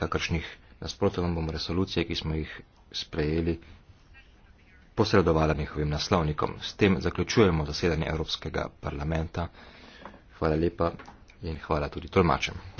kakršnih nasprotovam bom resolucije, ki smo jih sprejeli, posredovala njihovim naslovnikom. S tem zaključujemo zasedanje Evropskega parlamenta. Hvala lepa in hvala tudi tolmačem.